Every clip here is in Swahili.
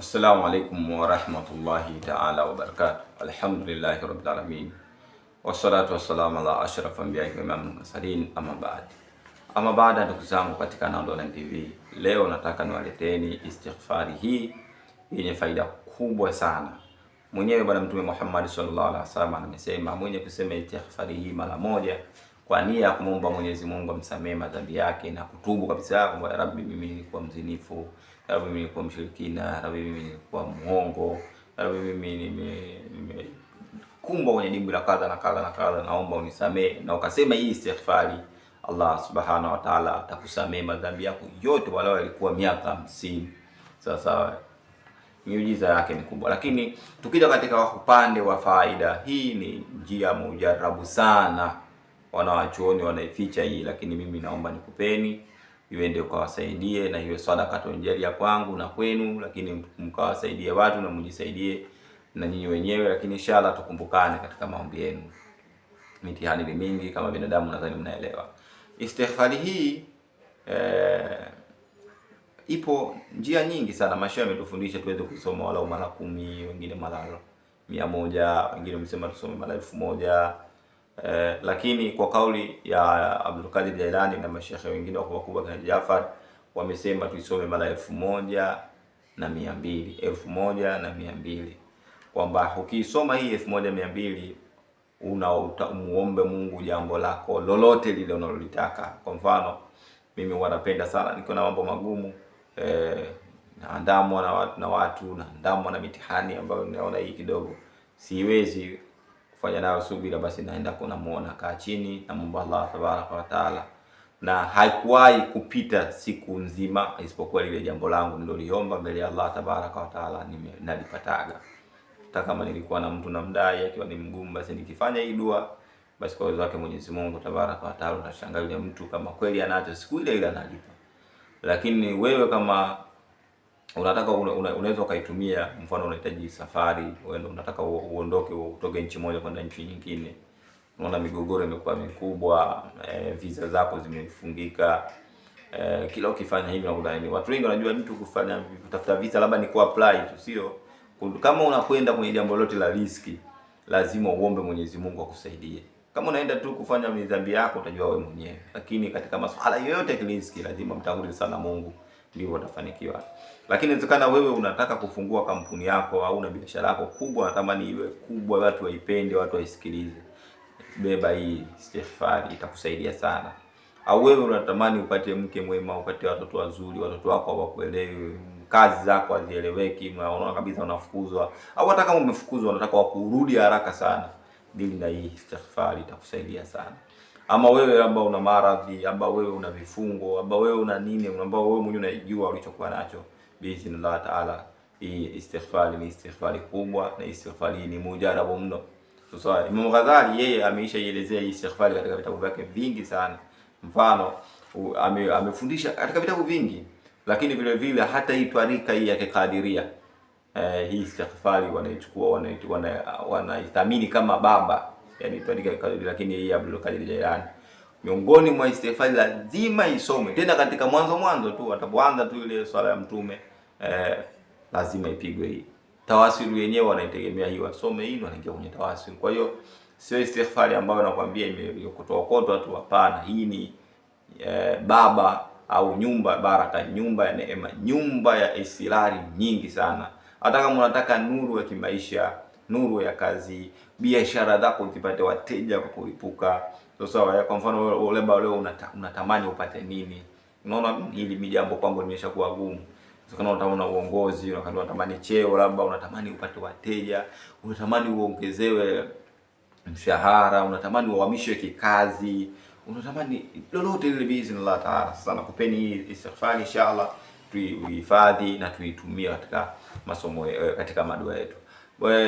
Assalamu alaikum wa rahmatullahi taala wa barakatuh. Alhamdulillahi rabbil alamin wa salamu ala ashraf anbiyai wa imamul mursalin ama baad. Ama baada, ndugu zangu katika Nando Online TV, leo nataka niwaleteni istighfari hii yenye faida kubwa sana. Mwenyewe Bwana Mtume Muhammad sallallahu alaihi wasallam amesema, mwenye kusema istighfari hii mara moja kwa nia ya kumwomba Mwenyezi Mungu amsamehe madhambi yake na kutubu kabisa, kwamba rabbi, mimi nilikuwa mzinifu labda mimi nilikuwa mshirikina, labda mimi nilikuwa muongo, labda mimi nimekumbwa kwenye dimbwi la kadha na kadha na kadha, naomba unisamee, na ukasema hii istighfari, Allah subhanahu wa ta'ala atakusamee madhambi yako yote, walau yalikuwa miaka 50 Sawa sawa, miujiza yake ni kubwa. Lakini tukija katika upande wa faida, hii ni njia mujarabu sana, wanawachuoni wanaificha hii, lakini mimi naomba nikupeni iwe ndio ukawasaidie na iwe sadaka tonjalia kwangu na kwenu, lakini mkawasaidie watu na mjisaidie na nyinyi wenyewe, lakini inshallah tukumbukane katika maombi yenu. Mitihani ni mingi kama binadamu, nadhani mnaelewa. Istighfari hii eh, ipo njia nyingi sana. Mashehe ametufundisha tuweze kusoma walau mara kumi, wengine mara mia moja, wengine msema tusome mara elfu moja Eh, lakini kwa kauli ya Abdulkadir Jailani na mashehe wengine wakubwa wakubwa kina Jafar wamesema tuisome mara elfu moja na mia mbili elfu moja na mia mbili kwamba ukiisoma hii elfu moja mia mbili una umuombe Mungu jambo lako lolote lile unalolitaka. Kwa mfano mimi huwa napenda sana nikiwa na mambo magumu eh, naandamwa na watu naandamwa na mitihani ambayo naona hii kidogo siwezi kufanya nayo subira, basi naenda kunamuona, kaa chini, namwomba Allah tabaraka wa taala, na haikuwahi kupita siku nzima isipokuwa lile jambo langu niloliomba mbele ya Allah tabaraka wa taala nalipataga. Hata kama nilikuwa na mtu namdai akiwa ni mgumu, basi nikifanya hii dua basi kwa uwezo wake Mwenyezi Mungu tabaraka wa taala, utashangaa yule mtu kama kweli anacho, siku ile ile analipa. Lakini wewe kama unataka unaweza una, ukaitumia. Mfano, unahitaji safari, unataka uondoke utoke nchi moja kwenda nchi nyingine, unaona migogoro imekuwa mikubwa e, visa zako zimefungika e, kila ukifanya hivi nakuta nakudai. Watu wengi wanajua mtu kufanya kutafuta visa labda ni kuapply tu, sio kama unakwenda kwenye jambo lote la riski, lazima uombe Mwenyezi Mungu akusaidie. Kama unaenda tu kufanya dhambi yako utajua wewe mwenyewe, lakini katika masuala yoyote ya riski lazima mtangulie sana Mungu ndivyo utafanikiwa. Lakini inawezekana wewe unataka kufungua kampuni yako au una biashara yako kubwa, natamani iwe kubwa, watu waipende, watu waisikilize, beba hii istighfari, itakusaidia sana. Au wewe unatamani upate mke mwema, upate watoto wazuri, watoto wako hawakuelewi, kazi zako hazieleweki, unaona kabisa unafukuzwa, au hata kama umefukuzwa unataka wakurudi haraka sana, dili na hii istighfari, itakusaidia sana ama wewe ambao una maradhi, ama wewe una vifungo, ama wewe una nini ambao wewe mwenyewe unajua ulichokuwa nacho, biidhnillah taala, hii istighfari ni istighfari kubwa, na istighfari hii ni mujarabu mno. Sasa Imam Ghazali yeye ameishaielezea hii istighfari katika vitabu vyake vingi sana, mfano ame, amefundisha katika vitabu vingi, lakini vile vile hata hii tarika hii ya Kikadiria eh, hii istighfari wanaichukua wanaithamini wana, wana, wana kama baba yani kadri, lakini hii Abdul Kadir Jailani miongoni mwa istighfari lazima isome tena katika mwanzo mwanzo tu, atapoanza tu ile swala ya mtume eh, lazima ipigwe hii tawasilu yenyewe wanaitegemea hii, wasome hii, wanaingia kwenye tawasilu. Kwa hiyo sio istighfari ambayo nakwambia imekutokotwa tu, hapana. Hii ni eh, baba au nyumba baraka, nyumba ya neema, nyumba ya isirari nyingi sana. Hata kama unataka nuru ya kimaisha, nuru ya kazi biashara zako zipate wateja kwa kulipuka. Sasa kwa mfano ule ambao leo unatamani una upate nini? Unaona hili ni jambo kwangu nimeshakuwa gumu. Kama unatamani uongozi, unatamani cheo, labda unatamani upate wateja, unatamani uongezewe mshahara, unatamani uhamishwe kikazi, unatamani lolote lile biizni Allah taala. Sasa nakupeni hii istighfari, inshallah tuihifadhi na tuitumie katika masomo eh, katika madua yetu.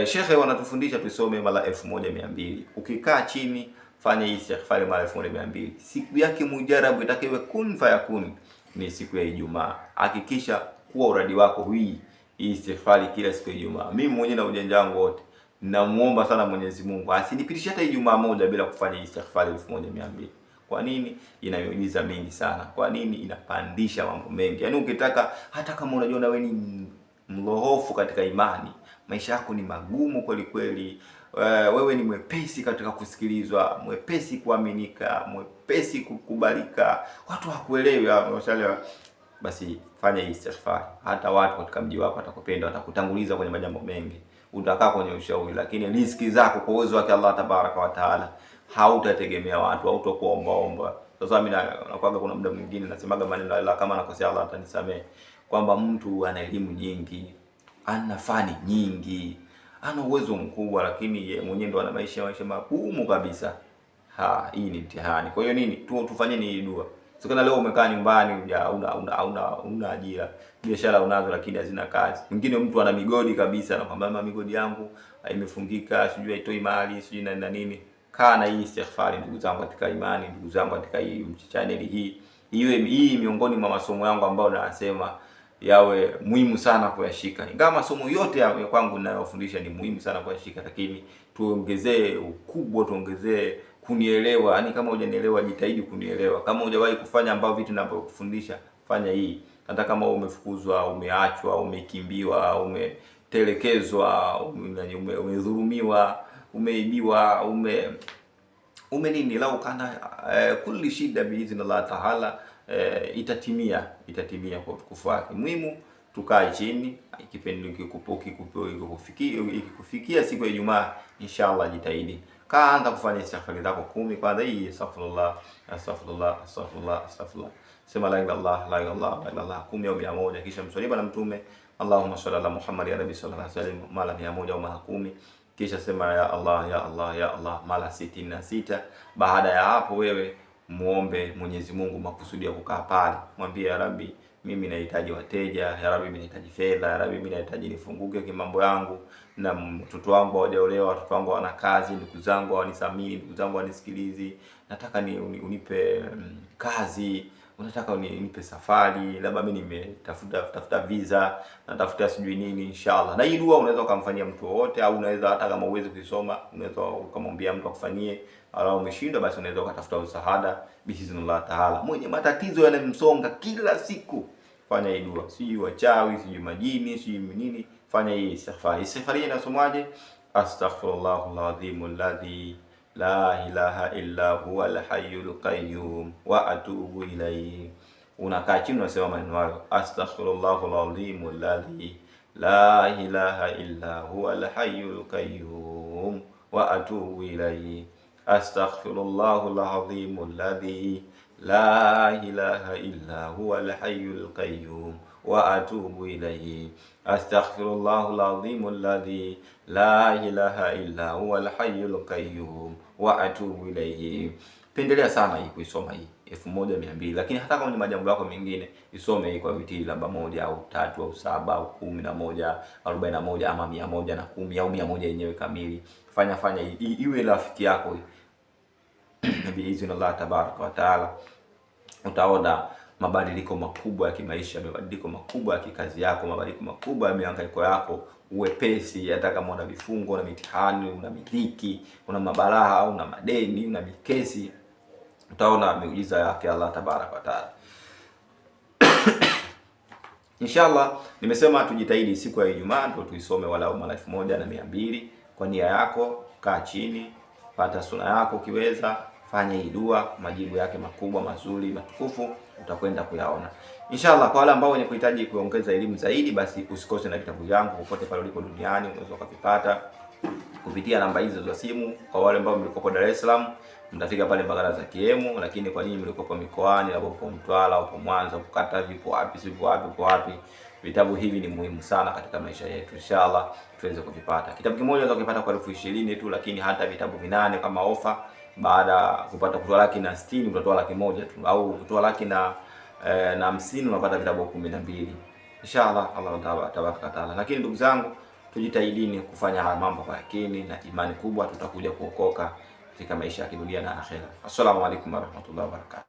Shekhe wanatufundisha tusome mara elfu moja mia mbili. Ukikaa chini fanya hii istighfari mara elfu moja mia mbili. Siku yake mujarabu itakiwe kun fayakun ni siku ya Ijumaa. Hakikisha kuwa uradi wako hii hii istighfari kila siku ya Ijumaa. Mimi mwenyewe na ujanja wangu wote namuomba sana Mwenyezi Mungu asinipitishe hata Ijumaa moja bila kufanya istighfari elfu moja mia mbili. Kwa nini? Ina miujiza mingi sana. Kwa nini? Inapandisha mambo mengi. Yaani ukitaka hata kama unajiona wewe ni mlohofu katika imani maisha yako ni magumu kweli kweli, eh, wewe ni mwepesi katika kusikilizwa, mwepesi kuaminika, mwepesi kukubalika, watu hawakuelewi, unashalewa basi fanya hii safari, Hata watu katika mji wako watakupenda, watakutanguliza kwenye majambo mengi, utakaa kwenye ushauri, lakini riziki zako kwa uwezo wake Allah tabaraka wa taala hautategemea watu, hautakuomba omba. Sasa mimi nakwaga, kuna muda mwingine nasemaga maneno la kama nakosea, Allah atanisamee, kwamba mtu ana elimu nyingi ana fani nyingi, ana uwezo mkubwa, lakini mwenyewe ndo ana maisha maisha magumu kabisa. Ha, hii ni mtihani. Kwa hiyo nini tu tufanye ni dua. Sikana leo umekaa nyumbani una una una una ajira. Biashara unazo lakini hazina kazi. Mwingine mtu ana migodi kabisa na kwamba migodi yangu imefungika, sijui haitoi mali, sijui na nini. Kaa na hii istighfari ndugu zangu katika imani, ndugu zangu katika hii channel hii. Iwe hii miongoni mwa masomo yangu ambayo nasema yawe muhimu sana kuyashika, ingawa masomo yote ya kwangu ninayofundisha ni muhimu sana kuyashika, lakini tuongezee ukubwa, tuongezee kunielewa. Yani kama hujanielewa, jitahidi kunielewa. Kama hujawahi kufanya ambao vitu ninavyokufundisha, fanya hii, hata kama umefukuzwa, umeachwa, umekimbiwa, umetelekezwa, umedhulumiwa, umeibiwa, ume ume nini lau kana eh, kulli shida biidhnillah taala eh, itatimia itatimia kwa utukufu wake. Muhimu tukae chini, ikikufikia siku ya Ijumaa inshallah, jitahidi kaanza kufanya istighfari zako kumi kwanza, hii astaghfirullah astaghfirullah astaghfirullah astaghfirullah, sema la ilaha illallah la ilaha illallah la ilaha illallah kumi au mia moja, kisha msaliba na Mtume Allahumma salli ala Muhammad ya Rabbi sallallahu alaihi wasallam mara mia moja au mara kumi kisha sema ya Allah ya Allah ya Allah mara sitini na sita. Baada ya hapo wewe muombe Mwenyezi Mungu makusudi ya kukaa pale, mwambie ya Rabbi, mimi nahitaji wateja, ya Rabbi, mimi nahitaji fedha, ya Rabbi, mimi nahitaji nifunguke kimambo yangu, na mtoto wangu hawajaolewa, watoto wangu hawana kazi, ndugu zangu hawanisamii, ndugu zangu hawanisikilizi, nataka ni unipe mm, kazi unataka unipe safari, labda mimi nimetafuta tafuta visa, natafuta sijui nini, inshallah. Na hii dua unaweza ukamfanyia mtu wowote, au unaweza hata kama uwezi kuisoma, unaweza ukamwambia mtu akufanyie, au umeshindwa, basi unaweza ukatafuta msaada biiznillah taala. Mwenye matatizo yanamsonga kila siku, fanya hii dua, sijui wachawi, sijui majini, sijui nini, fanya hii istighfar. Istighfar inasomwaje? astaghfirullahalazim alladhi لا إله إلا هو الحي القيوم وأتوب إليه ونكاتي نسوى من أستغفر الله العظيم الذي لا إله إلا هو الحي القيوم وأتوب إليه أستغفر الله العظيم الذي لا إله إلا هو الحي القيوم wa atubu ilayhi astaghfirullah alazim alladhi la ilaha illa huwa alhayyul qayyum wa atubu ilayhi. Pendelea sana hii kuisoma hii elfu moja mia mbili lakini hata kama ni majambo yako mengine isome hii kwa vitii labda moja au tatu au saba au kumi na moja arobaini na moja ama mia moja na kumi au mia moja yenyewe kamili. Fanya fanya iwe rafiki yako biiznillah tabaraka wataala, utaona mabadiliko makubwa ya kimaisha, mabadiliko makubwa ya kikazi yako, mabadiliko makubwa ya mihangaiko yako, uwepesi, hata kama una vifungo, na mitihani, una mihiki, una mabalaa, una madeni, una mikesi, utaona miujiza yake Allah tabaraka wataala. Inshallah, nimesema tujitahidi siku ya Ijumaa ndio tuisome walau mara elfu moja na mia mbili kwa nia yako. Kaa chini, pata suna yako ukiweza fanya hii dua, majibu yake makubwa mazuri matukufu utakwenda kuyaona inshallah. Kwa wale ambao wenye kuhitaji kuongeza elimu zaidi, basi usikose na kitabu vyangu popote pale ulipo duniani, unaweza ukavipata kupitia namba hizo za simu. Kwa wale ambao mlikopo Dar es Salaam mtafika pale Mbagala za Kiemu, lakini kwa nyinyi mlikopo mikoani, labda uko Mtwara, uko Mwanza, uko Katavi, uko wapi, sivyo wapi, uko wapi, vitabu hivi ni muhimu sana katika maisha yetu. Inshallah tuweze kuvipata. Kitabu kimoja unaweza kupata kwa elfu ishirini tu, lakini hata vitabu vinane kama ofa baada ya kupata kutoa laki na sitini utatoa laki moja tu, au kutoa laki na e, na hamsini unapata vitabu kumi na mbili inshallah Allah tabaraka taala. Lakini ndugu zangu, tujitahidini kufanya haya mambo kwa yakini na imani kubwa, tutakuja kuokoka katika maisha ya kidunia na akhera. Assalamu alaikum warahmatullahi wabarakatuh.